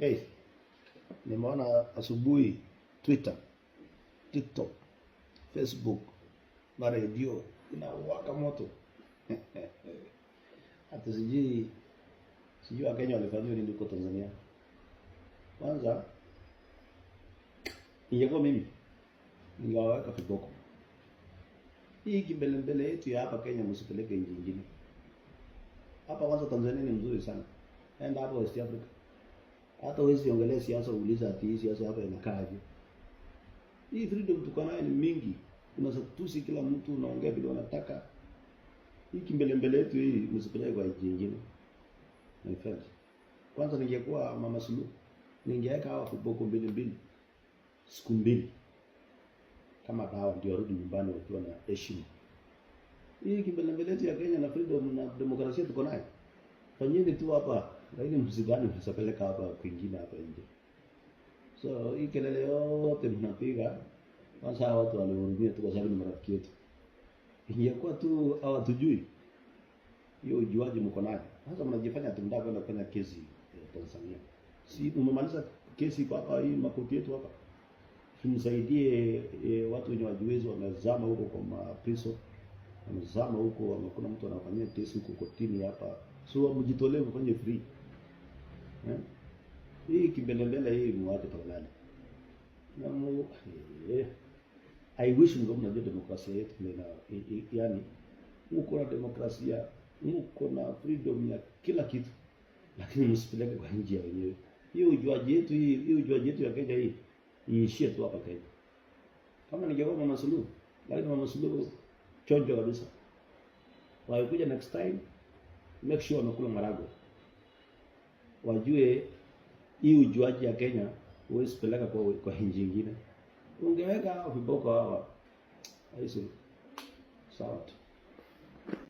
Hey, nimeona asubuhi Twitter, TikTok, Facebook na redio inawaka moto hata sijui sijui Wakenya walifanyiwa nini huko Tanzania. Kwanza ingekuwa mimi ningewaweka viboko. Hii kimbelembele yetu ya hapa Kenya msipeleke nchi nyingine. Hapa kwanza Tanzania ni mzuri sana, enda hapo West Africa hata huwezi ongelea siasa uuliza ati hii siasa hapa inakaaje. Hii freedom tuko nayo ni mingi. Kuna satusi kila mtu unaongea vile unataka. Hii kimbele mbele yetu hii msipeleke kwa jingine. My friend. Kwanza ningekuwa Mama Sulu ningeweka hawa viboko mbili mbili siku mbili kama dawa ndio warudi nyumbani wakiwa na heshima. Hii kimbele mbele yetu ya Kenya na freedom na demokrasia tuko nayo. Fanyeni tu hapa lakini msizidani msapeleka hapa kwingine hapa nje. So hii kelele yote mnapiga kwanza, hawa watu walihurumia tu kwa sababu ni marafiki yetu. Ingekuwa tu hawatujui, hiyo ujuaji mko nayo sasa, mnajifanya tumdaa kwenda kufanya kesi ya Tanzania. Si umemaliza kesi kwa hapa, hii makoti yetu hapa, tumsaidie e, watu wenye wajiwezi wamezama huko kwa mapriso mzama huko, kuna mtu anafanyia tesi huko kotini hapa, so mjitolee mfanye free eh? Hii kimbelembele hii muache tawalani na mu eh, I wish mngo mnajua demokrasia yetu na yani, uko na demokrasia uko na freedom ya kila kitu, lakini msipeleke kwa nje ya wenyewe. Hiyo ujuaji yetu hii, hiyo ujuaji yetu ya Kenya hii iishie tu hapa Kenya, kama ningekuwa Mama Suluhu, lakini Mama Suluhu chonjo kabisa. Wakikuja next time make sure wamekula marago, wajue hii ujuaji ya Kenya huwezi peleka kwa, kwa nchi nyingine. Ungeweka viboko hawa, sawa tu.